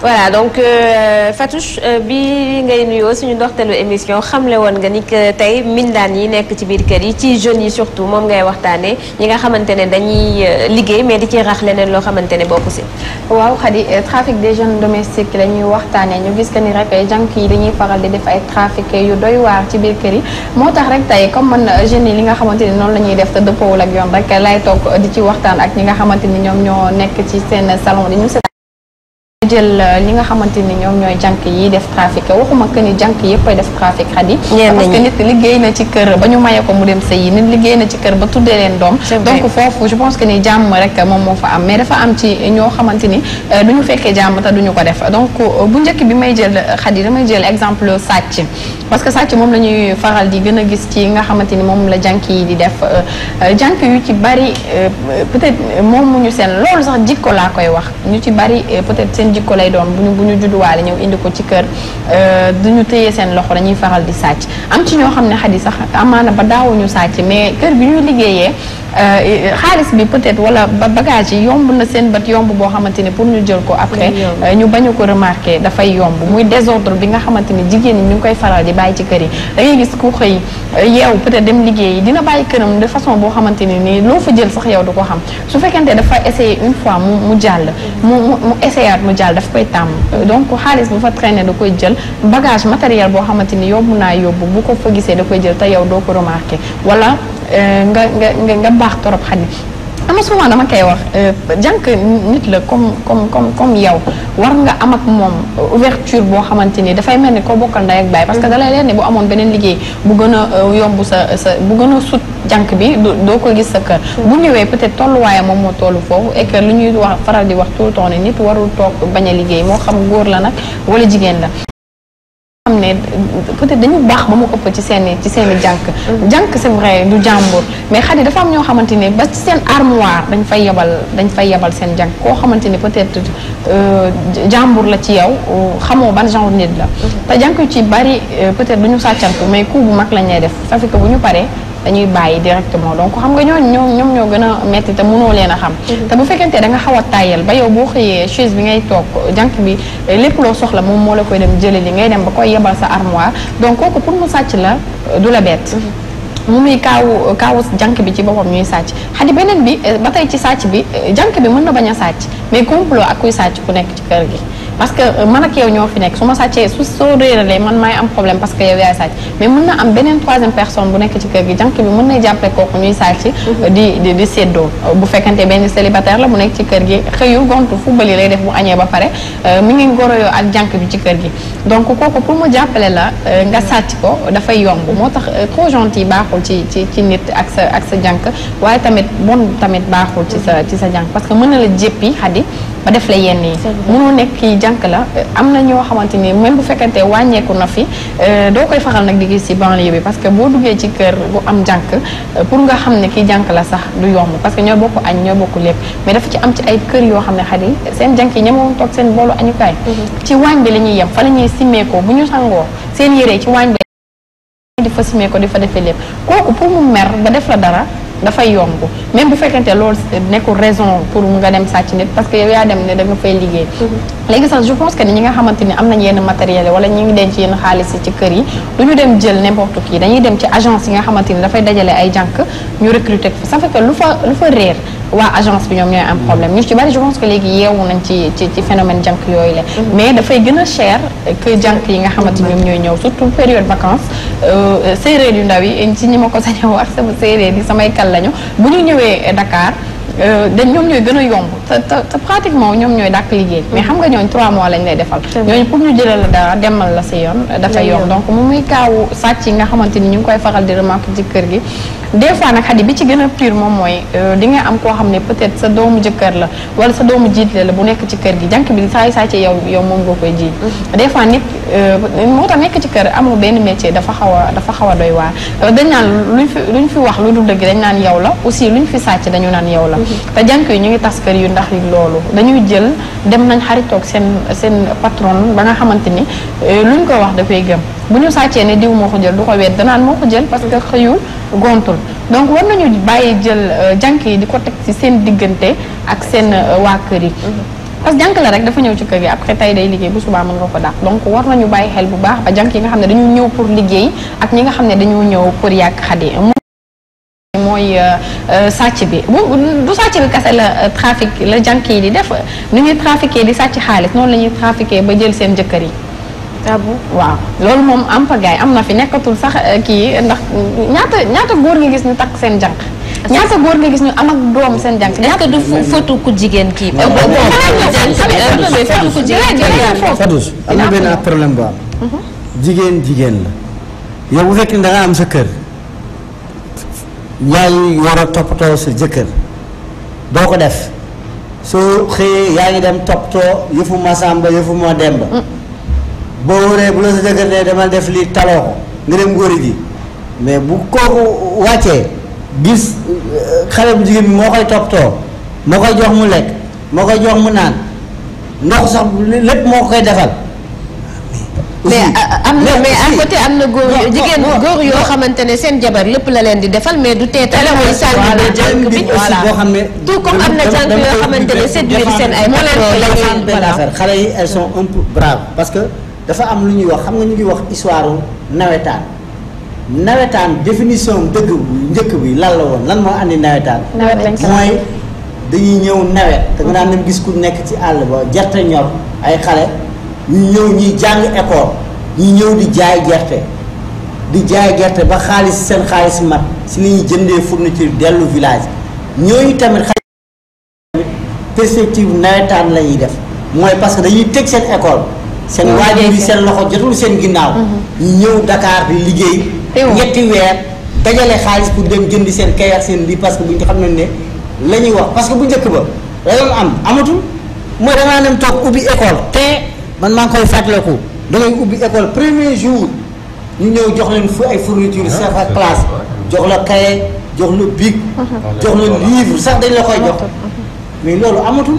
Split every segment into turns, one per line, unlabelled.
voilà donc euh, Fatouche euh, bii ngay nuyoo suñu ndoxteelu émission xamle woon nga ni que tey mindaan yi nekk ci biir kër yi ci jeunes yi surtout moom ngay waxtaanee ñi nga xamante ne dañuy euh, liggéey mais di ci rax leneen loo xamante ne bokku si. waaw xadi trafic des jeunes domestiques la ñuy waxtaanee ñu gis que ni rek jànk yi dañuy faral di def ay trafic yu doy waar ci biir kër yi moo tax rek tey comme man jeunes yi li nga xamante ni noonu la ñuy def te dëppoowul ak yoon rek lay toog di ci waxtaan ak ñi nga xamante ni ñoom ñoo nekk ci seen salon di ñu ñu jël euh, ñi nga xamante ni ñoom ñooy jànk yi def trafic waxuma que ni jànk yëpp ay def trafic xadi parce que nit liggéey na ci kër ba ñu maye ko mu dem sëy yi nit liggéey na ci kër ba tuddee leen doom donc foofu je moom moo fa am mais dafa am ñoo xamante ni euh, du ñu fekkee jàmm te duñu ko def donc euh, bu njëkk bi may jël xadi damay jël exemple sàcc parce que sàcc moom la ñuy faral di gën a gis ci nga xamante ni moom la jànk yi di def jànk yu ci bari peut-être moom mu ñu seen loolu sax jikko laa koy wax ñu ci bari peut-être jikko lay doon bu ñu bu ñu judduwaale ñëw indi ko ci kër euh, du ñu téye seen loxo dañuy faral di sàcc am ci ñoo xam ne xadi sax amaana ba daawuñu sàcc mais kër bi ñuy liggéeyee Euh, euh, xaalis bi peut-être ba bagage yi yomb na seen bët yomb boo xamante ni pour ñu jël ko après euh, ñu bañu ko remarqué dafay yomb muy désordre bi nga xamante ni jigéen ñi ñu ngi koy faral di bàyyi ci kër yi da ngay gis ku xëy yeew peut-être dem liggéey dina bàyyi këram de façon boo xamante ni nii loo fa jël sax yow du ko xam su fekkente dafa essayer une fois mu mu jàll mu mu essayaat mu jàll dafa koy tàmm donc xaalis bu fa traîner da koy jël bagage matériel boo xamante ni yomb naa yóbbu bu ko fa gisee da koy jël te yow doo ko remarqué wala nga nga nga baax torop xadi ama souvent dama koy wax euh, jànq nit la comme comme comme comme yow war nga am ak moom ouverture boo xamante ni dafay mel ni ko bokkal ndey ak baay parce que mm-hmm. dalay leen ne bu amoon beneen liggéey bu gën a euh, yomb sa sa bu gën a sut jànq bi doo ko gis sa kër mm-hmm. bu ñëwee peut-être tolluwaayam moom moo tollu foofu et que lu ñuy wax faral di wax tout le ne nit warul toog bañ a liggéey moo xam góor la nag wala jigéen la mais peut-être dañu baax ba mu ëpp ci seen ci seen i jànk jànk c'est vrai du jàmbur mais xadi dafa am ñoo xamante ne ba ci seen armoire dañ fay yebal dañ fay yebal seen jànk koo xamante ne peut-être euh, jàmbur la ci yow xamoo ban genre nit la mm-hmm. te jànk yu ci bari euh, peut-être du ñu sàccantu mais coup bu mag lañ ñuy def ça fait bu ñu paree dañuy bàyyi directement donc xam nga ñooñ ñoo ñoom ñoo gën a metti te mënoo leen a xam mhm. te bu fekkentee da nga xaw a tàyyal ba yow boo xëyee chaise bi ngay toog jànq bi eh, lépp loo soxla moom moo la koy dem jële li ngay dem ba koy yebal sa armoire donc kooku pour mu sàcc la euh, du la bett mhm. mu muy kaawu kaawu jànq bi ci boppam ñuy sàcc xadi beneen bi eh, ba tey ci sàcc bi eh, jànq bi mën na bañ a sàcc mais complot ak kuy sàcc ku nekk ci kër gi parce que euh, man ak yow ñoo fi nekk su ma sàccee su soo réeralee man maay am problème parce que yow yaay sàcc mais mën na am beneen troisième personne bu nekk ci kër gi jànk bi mën na jàppale mhm. séddoo bu fekkante benn célibataire la bu nekk ci kër gi xëyul gontu football yi lay def bu añee ba pare euh, mi ngi ngoroyoo ak bi ci kër gi donc kooku pour ma jàppale la euh, nga sàcc ko dafay yomb moo tax trop gentil baaxul ci ci ci nit ak sa ak sa jànk waaye tamit bon tamit baaxul ci sa ci sa jànk parce que mën na la jéppi xadi ba def la yenn yi mënoo nekk kii jànk la am na ñoo xamante ni même bu fekkante wàññeeku na fi euh, doo koy faxal nag di gis ci banlieue bi parce que boo duggee ci kër bu am jànk euh, pour nga xam ne kii jànq la sax du yomb parce que ñoo bokk añ ñoo bokk lépp mais dafa ci am ci ay kër yoo xam ne xar yi seen jànk yi ñemoon toog seen boolu añukaay mm-hmm. ci waañ bi la ñuy yem fa la ñuy simmeekoo bu ñu sangoo seen yére yi ci waañ bi di fa simmee ko di fa defee lépp kooku pour mu def la dara dafay yomb même bu fekkente loolu nekkul raison pour mu nga dem sàcc nit parce que yaa dem ne da nga fay liggéey mhm. léegi sax je pense que ni ñi nga xamante ni am nañ yenn matériel wala ñu ngi denc yenn xaalis yi ci kër yi du ñu dem jël n'importe qui dañuy dem ci agence yi nga xamante ni dafay dajale ay jànq ñu recruter fa ça fait lu fa lu fa réer waa agence bi ñoom ñooy am problème ñu ci bari je pense que léegi yeewu nañ ci ci ci phénomène jànk yooyu la mm-hmm. mais dafay gën a cher que jànk yi nga xamante ñoom ñooy ñëw surtout période vacances euh, séeréer yu ndaw yi si ñi ma ko sañoo wax sama séeréer yi samay kal lañu bu ñu ñëwee Dakar Euh, dañ ñoom ñooy gën a yomb te te pratiquement ñoom ñooy dàkk liggéey mais xam nga ñooñ trois mois lañ lay defal ñooñu pour ñu jëlal la demal la si yoon dafa yomb donc mu muy kaawu sàcc yi nga xamante ni ñu ngi koy faral di ci kër gi des fois nag xadi bi ci gën a pire moom mooy euh, di nga am koo xam ne peut sa doomu jëkkër la wala sa doomu jiitle la bu nekk ci kër gi jànk bi saay ci yow yow moom nga koy jiit mm-hmm. des fois nit euh, moo tax nekk ci kër amoo benn métier dafa xaw a dafa xaw a doy waar dañ naan luñ fi luñ fi wax lu dul dëgg dañ naan yow la aussi luñ fi sàcc dañu naan yow la te jànk yi ñu ngi tas kër yu ndax yi loolu dañuy jël dem nañ xaritoog seen seen patron ba nga xamante ni euh, luñ koy wax dafay gëm bu ñu sàccee ne diw moo ko jël du ko weet danaan moo ko jël parce que xëyu gontul donc war nañu bàyyi jël euh, jànk yi di ko teg ci seen diggante ak seen euh, waa kër yi mm-hmm. parce que la rek dafa ñëw ci kër gi après tey day liggéey bu subaa mën nga ko dàq donc war nañu bàyyi xel bu baax ba jànk yi nga xam ne dañu ñëw pour liggéey ak ñi nga xam ne dañu ñëw pour yàq xade mooy euh, euh, sàcc bi bu du sàcc bi kase la euh, trafic la jànk yi di def nu ñuy trafiqué di sàcc xaalis noonu la ñuy trafiqué ba jël seen jëkkër yi. Ah waaw loolu moom am pagaay am na fi nekkatul sax kii ndax ñaata ñaata góor nga gis ni takk seen jànq. ñaata góor nga gis ni am ak doom seen jànq. ñaata du fotu ku jigéen kii. waaw waaw waaw
am na benn problème bu mhm. jigéen jigéen la. yow bu fekkee da nga am sa kër. yaay war a toppatoo si jëkkër boo ko def soo xëyee yaa ngi dem toppatoo yëfu ma sàmba yëfu ma demba mm. boo wëree bu la sa jëkkër ne dama def lii taloo ko nga dem góori ji mais bu kooku wàccee gis euh, xale bu jigéen bi moo koy toppatoo moo koy jox mu lekk moo koy jox mu naan ndox sax lépp moo koy defal mais euh, euh, am na mais am na góor jigéen góor yoo
xamante ne seen jabar lépp la leen di defal mais du tee tamit mooy sànni jànk bi voilà tout comme am na jànk yoo xamante ne moo
yi elles sont un parce que dafa am lu ñuy wax xam nga ñu ngi wax histoire nawetaan nawetaan définition dëgg njëkk bi lan la woon lan moo andi nawetaan mooy dañuy ñëw nawet te naa daan gis ku nekk ci àll ba gerte ñor ay xale ñu ñëw ñuy jàng école ñu ñëw di jaay gerte di jaay gerte ba xaalis seen xaalis mat si li ñuy jëndee fourniture dellu village ñooñu tamit xaj tamit perspective nawetaan la ñuy def mooy parce que dañuy tëj seen école seen mm-hmm. waajur yi seen loxo jotul seen ginnaaw mm-hmm. ñu ñëw Dakar di liggéey ñetti weer dajale xaalis pour dem jëndi seen kayaar seen lii parce que bu ñu xam ne ne la ñuy wax parce que bu njëkk ba la am amatul mooy dangaa dem toog ubbi école te man maa ngi koy fàttaliku da ngay ubbi école premier jour ñu ñëw jox leen fu ay fourniture chef ak ah, classe jox la cahier jox la bic jox la livre sax dañ la koy jox mais loolu amatul.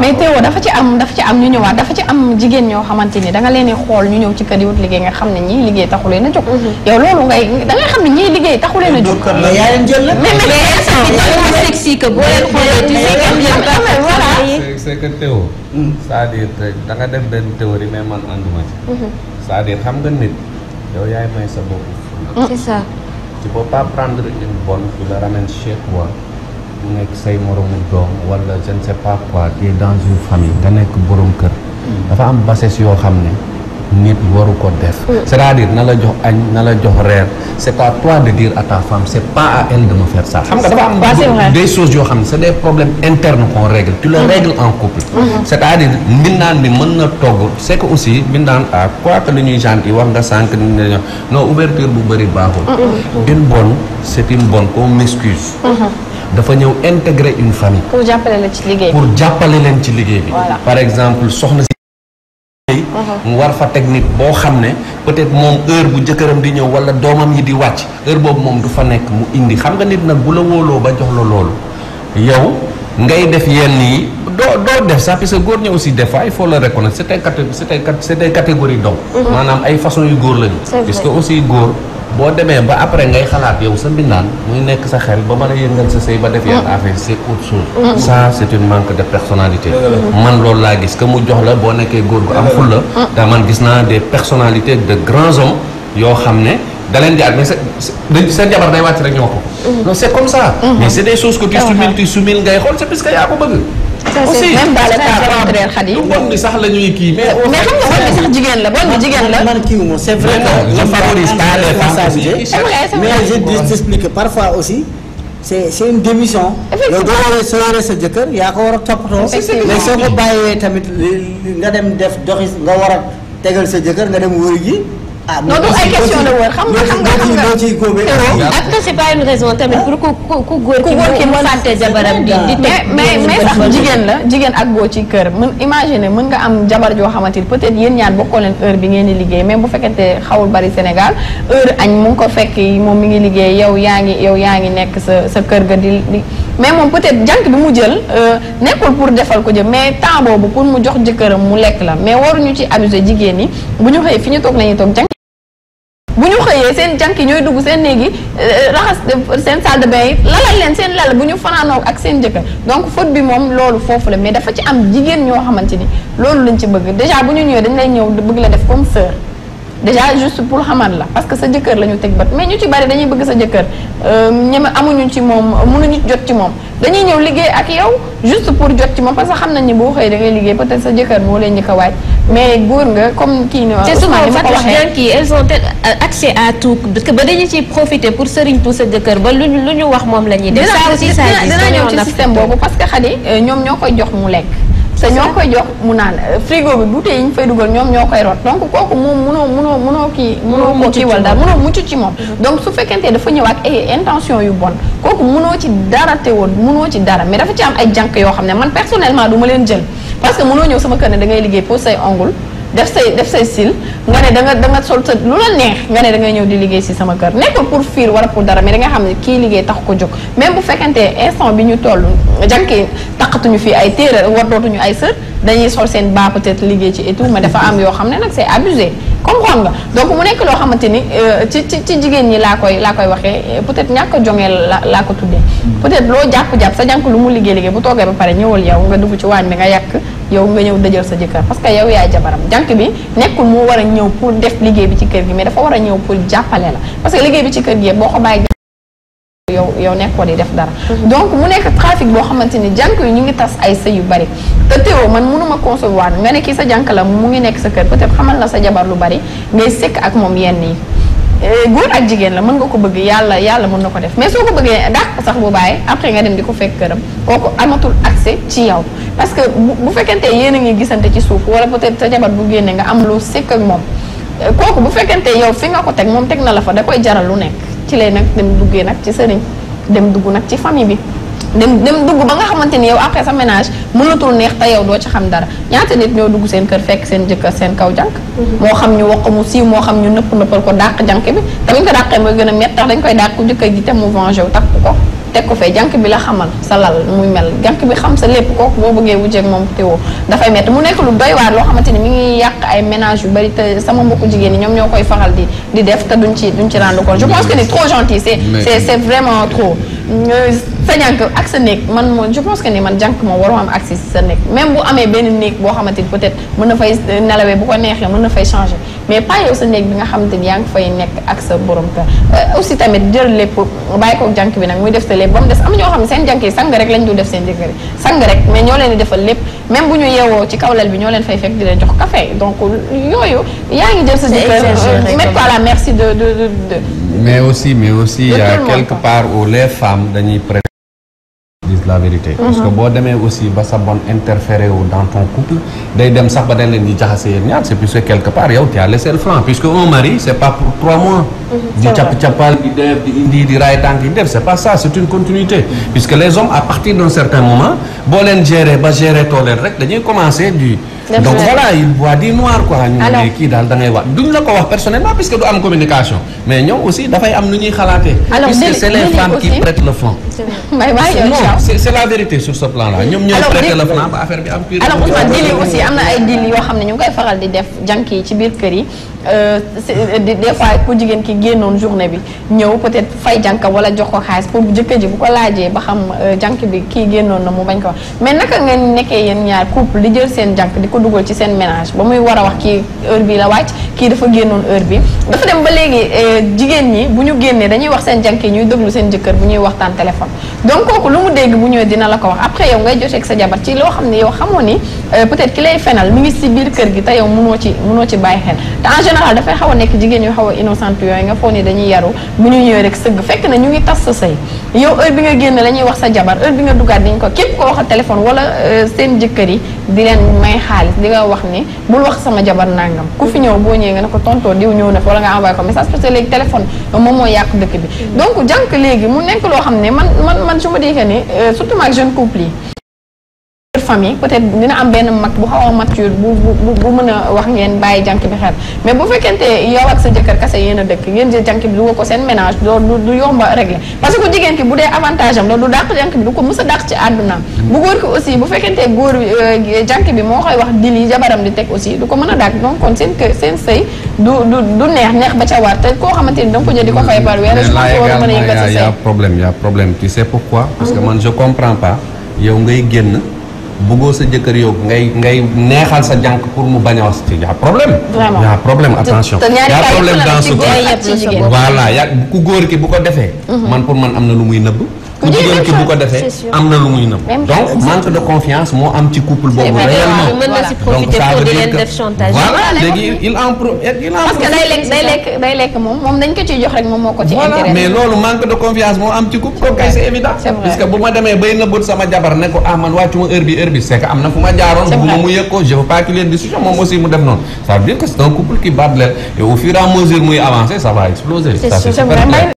mais teewoo dafa
ci am dafa ci am ñu ñëwaat dafa ci am jigéen ñoo xamante ni danga nga leen di xool ñu ñëw ci kër yi wut liggéey nga xam ne ñii liggéey taxu leen a jóg. Mhm. yow loolu ngay da xam ne ñii liggéey taxu leen a jóg. mais yaa
leen jël la. mais mais mais est ce que boo leen xoolee ci si am yëpp voilà.
c'est que teewoo. Mm. c'est-à-dire da nga def benn théorie mais man ànduma ci. Mhm. cest à xam nga nit yow yaay may sa bopp. c'est ça. tu peux pas prendre une bonne tu mu nekk say moromu doom wala je ne sais pas quoi tu es dans une famille nekk borom kër dafa am bases yoo xam ne nit waru ko def mm. c'est-à-dire na la jox añ na la jox reer c'est à toi de dire à ta femme c'est pas à elle de me faire ça yoo xam ne c'est des problèmes internes qu'on règle tu le mm. règles en couple mm-hmm. c'est-à-dire mbindaan bi mën na togg c'est que aussi mbindaan à ah, quoi que li ñuy gent wax nga sànq ni non bu bëri baaxul mm-hmm. une bonne c'est une bonne qu'on m'excuse mm-hmm. dafa ñëw intégrer une famille.
pour jàppale la ci liggéey pour
jàppale leen ci liggéey bi. par exemple soxna si. Mhm. mu war fa technique boo xam ne peut-être moom heure bu jëkkëram di ñëw walla doomam yi di wàcc heure boobu moom du fa nekk mu indi xam nga nit nag bu la wóoloo ba jox la loolu yow. ngay def yenn yi doo doo def sax parce que góor ñi aussi des fois il faut le reconnaître c'est des catégories c'est des catégories mhm. maanaam ay façon yu góor lañu parce que aussi góor boo demee ba après ngay xalaat yow sa mbindaan muy nekk sa xel ba mën a yëngal sa sëy ba def yenn ah. affaire c'est autre chose mm. Mm. ça c'est une manque de personnalité mm. man loolu laa gis que mu jox la boo nekkee góor gu am fulla te man gis naa des personnalités de grands hommes yoo xam ne da leen di at mais seen jabar day wàcc rek ñoo ko non c'est comme ça mais c'est des choses que tu soumil tu soumil ngay xool c'est parce yaa ko bëgg aussi même dans le cas contraire xadi bon bi sax la ñuy kii. mais xam nga bon bi sax jigéen la bon bi jigéen la. man kii wu ma c' est vrai que je favorise pas les femmes mais je
t'explique parfois aussi. c'est c'est une démission. yow boo waree soo waree sa jëkkër yaa ko war a toppatoo. mais soo ko bàyyee tamit nga dem def doxi nga war a tegal sa jëkkër nga dem wóor ji. ah non du question la woon xam nga xam nga xam nga est-ce
que c'est pas une raison tamit pour ku ku góor ki mu fàtte jabaram di di teg mais sax jigéen la jigéen ak góor ci kër mën imaginer mën nga am jabar joo xamante ni peut-être yéen ñaar bokkoo leen heure bi ngeen di liggéey mais bu fekkente xawul bari Sénégal heure añ mu ngi ko fekk moom mi ngi liggéey yow yaa ngi yow yaa ngi nekk sa sa kër ga di mais moom peut-être jànk bi mu jël euh, nekkul pour defal ko jëm mais temps boobu pour mu jox jëkkëram mu lekk la mais waruñu ci abuser jigéen ñi bu ñu xëyee fi ñu toog la ñuy toog jànk bu ñu xëyee seen jànk yi ñooy dugg seen léegi euh, raxas seen salle de bain yi lalal leen seen lal bu ñu fanaanoo ak seen jëkkër donc faute bi moom loolu foofu la mais dafa ci am jigéen ñoo xamante ni loolu lañ ci bëgg déjà bu ñu ñëwee dañ lay ñëw bëgg la def comme sœur déjà juste pour xaman la parce que sa jëkkër la teg bët mais ñu ci bari dañuy bëgg sa jëkkër euh, ñeme amuñu ci moom mënuñu jot ci moom dañuy ñëw liggéey ak yow juste pour jot ci moom parce que xam nañ ni boo xëyee da ngay liggéey peut-être sa jëkkër moo leen ñu ko waaj mais góor nga comme kii ni te souvent femmes jeunes yi elles ont
euh, accès à tout
parce que ba dañu ciy profiter pour sëriñtu sa jëkkër ba lu ñu lu ñu wax moom la ñuy def. ça aussi ça dina ñëw ci système boobu parce que xadi euh, ñoom ñoo koy jox mu lekk te ñoo koy jox mu naan euh, frigo bi bouteille yi ñu fay dugal ñoom ñoo koy rot donc kooku moom munoo munoo munoo kii munoo koo kii wal daal munoo mucc ci moom mhm. donc su fekkentee dafa ñëw ak eh, intention yu bon kooku munoo ci dara te woon munoo ci dara mais dafa ci am ay jànk yoo xam ne man personnellement du ma leen jël parce que munoo ñëw sama kër ne da ngay liggéey pour say ongul def say def say sil nga ne da nga sol sa lu la neex nga ne da ñëw di liggéey si sama kër nekk pour fiir wara pour dara mais da nga xam ne kii liggéey tax ko jóg même bu fekkantee instant bi ñu toll jànk yi taqatuñu fii ay téere waddootuñu ay sër dañuy sol seen baa peut-être liggéey ci et tout dafa am yoo xam ne nag c'est abusé comprendre nga donc mu nekk loo xamante ni euh, ci ci ci jigéen ñi laa koy laa koy waxee euh, peut-être ñàkk a jongee laa ko tuddee peut-être loo jàpp-jàpp sa jànk lu mu liggéey liggéey bu toogee ba pare ñëwal yow nga dugg ci waañ bi nga yàq yow nga ñëw dëjal sa jëkkër parce que yow yaay jabaram jànk bi nekkul moo war a ñëw pour def liggéey bi ci kër gi mais dafa war a ñëw pour jàppale la parce que liggéey bi ci kër gi boo ko bàyyi yow yow nekkoo di def dara mm-hmm. donc mu nekk trafic boo xamante ni jànk yi ñu ngi tas ay sëy yu bari te Théo man mënuma concevoir nga ne kii sa jànk la mu ngi nekk sa kër peut-être xamal na sa jabar lu bari ngay sëkk ak moom yenn yi Eh, góor ak jigéen la mën nga ko bëgg yàlla yàlla mën na ko def mais soo ko bëggee dàq ko sax bu bàyyi après nga dem di ko fekk këram kooku amatul accès ci yow parce que bu fekkente yéen a ngi gisante ci suuf wala peut-être sa jabar bu génne nga am lu sekk ak moom eh, kooku bu fekkente yow fi nga ko teg moom teg na la fa da koy jaral lu nekk ci lay nag dem duggee nag ci sëriñ dem dugg nag ci famille bi dem dem dugg ba nga xamante ni yow après sa ménage mënatul neex te yow doo ci xam dara ñaata nit ñoo dugg seen kër fekk seen jëkkër seen kaw jànk moo xam ñu wax mu siiw moo xam ñu nëpp nëppal ko dàq jànk bi te ko dàqee mooy gën a métti tax dañ koy dàq jëkkër ji te mu vengé wu takk ko teg ko fee jànk bi la xamal sa lal muy mel jànk bi xam sa lépp kooku boo bëggee wujjeeg moom téwoo dafay métti mu nekk lu doy waar loo xamante ni mu ngi yàq ay ménage yu bari te sama mbokk jigéen ñi ñoom ñoo koy faral di di def te duñ ci duñ ci rendre compte je pense que ni trop gentil c'est c'est vraiment trop Euh, sa jànk ak sa néeg man moom je pense que ni man jànk moom waroo am accès si sa néeg même bu amee benn néeg boo xamante ni peut-être mën na fay nelawee bu ko neexee mën na fay changer mais pas sa néeg bi nga xam ni yaa ngi fay nekk ak sa borom kër euh, aussi tamit jël lépp bàyyi koog jànk bi nag muy def sa lépp ba mu des am ñoo xam ne seen jànk yi sang rek lañ dul def seen jëkkër yi sang rek mais ñoo leen di defal lépp même bu ñu yeewoo ci kaw lal bi ñoo leen
mais aussi mais aussi y quelque part où les femmes dañuy prêter disent la vérité parce que mhm. boo demee aussi ba sa bon interféré wu dans ton couple day dem sax ba dañ leen di jaxase yéen ñaar c'est puisque quelque part yow tu as laissé le flanc puisque un mari c'est pas pour trois mois mhm, di capp-cappal di def di indi di raay tànk di def c'est pas ça c'est une continuité puisque les hommes à partir d'un certain moment boo leen gérer ba gérer too leen rek dañuy commencer du donc voilà il boit du noir ñu ne kii daal da ngay wax duñ la ko wax personnellement puisque du am communication mais ñoom aussi dafay am lu ñuy xalaatee. alors puisque c'est les ah, c'est la vérité sur ce plan là ñoom ñooy prêter le ba affaire bi am. pire alors Ousmane aussi am na ay
deal yoo xam ne ñu ngi koy faral di def jànk yi ci biir kër yi Euh, euh, des fois ku jigéen ki génnoon journée bi ñëw peut-être fay jànk wala jox ko xaalis pour jëkkër ji bu ko laajee ba xam euh, jànk bi kii génnoon na mu bañ ko wax mais naka ngeen nekkee yéen ñaar couple di jël seen jànk di ko dugal ci seen ménage ba muy war a wax kii heure bi la wàcc kii dafa génnoon heure bi dafa dem ba léegi jigéen ñi bu ñu génnee dañuy wax seen jànk yi ñuy déglu seen jëkkër bu ñuy waxtaan téléphone donc kooku lu mu dégg bu ñëwee dina la ko wax après yow ngay joteeg sa jabar ci loo xam ne yow xamoo ni Euh, peut-être ki lay fenal mu ngi si biir kër gi te yow mënoo ci mënoo ci bàyyi xel te en général dafay xaw a nekk jigéen yu xaw a innocente yooyu nga foog ni dañuy yaru ñu ñëwee rek sëgg fekk na ñu ngi tas sa sëy yow bi nga génn la wax sa jabar bi nga duggaat diñ ko képp ko wax téléphone wala euh, seen jëkkër yi di leen may xaalis di nga wax ni bul wax sama jabar nangam ku fi boo ñëwee nga ne ko tontoo diw ñëw na fi wala nga envoyé ko message parce que léegi téléphone moom moo yàq dëkk bi mm. donc jànk léegi mu nekk loo xam ne man man man euh, su ma dikkee ni surtout ak jeune couple yi famille peut-être dina am benn mag bu xaw a mature bu bu bu mën a wax ngeen bàyyi jànk bi xel mais bu fekkente yow ak sa jëkkër kase yéen a dëkk ngeen jël jànk bi du ko mës dàq ci àddunaam bu góor ki aussi bu fekkente góor euh, jànk bi moo koy wax di lii jabaram di teg aussi du ko mën a dàq donc kon seen sëy du neex neex ba ca war te koo xamante ni ko jël di ko fay par weer je pense war a mën a yëngal sa sëy
problème y problème tu sais pourquoi parce que mhm. man je comprends bëggoo sa jëkkër yow ngay ngay neexal sa jànq pour mu bañ a wax ci y'a problème y'a problème attention y'a problème dans ce cas voilà yaa ku góor ki bu ko defee mhm. man pour man am na lu muy nëbb ku jigéen ko defee am na lu muy nëb. donc manque de confiance moo am ci couple boobu. réellement donc ça veut dire que voilà léegi parce
que day lekk day lekk moom moom dañ ko ciy jox rek moom moo ko ci. intérêt mais loolu
parce que bu ma demee bay nëbbut sama jabar ne ko ah man wàccu ma heure bi heure bi c'est am na fu ma jaaroon. bu ma mu yëg ko je pas qu'il y ait discussion moom aussi
mu def noonu. ça veut dire que c'est couple qui bat de l'aile et au fur et à mesure muy avancer ça va exploser. ça c'est super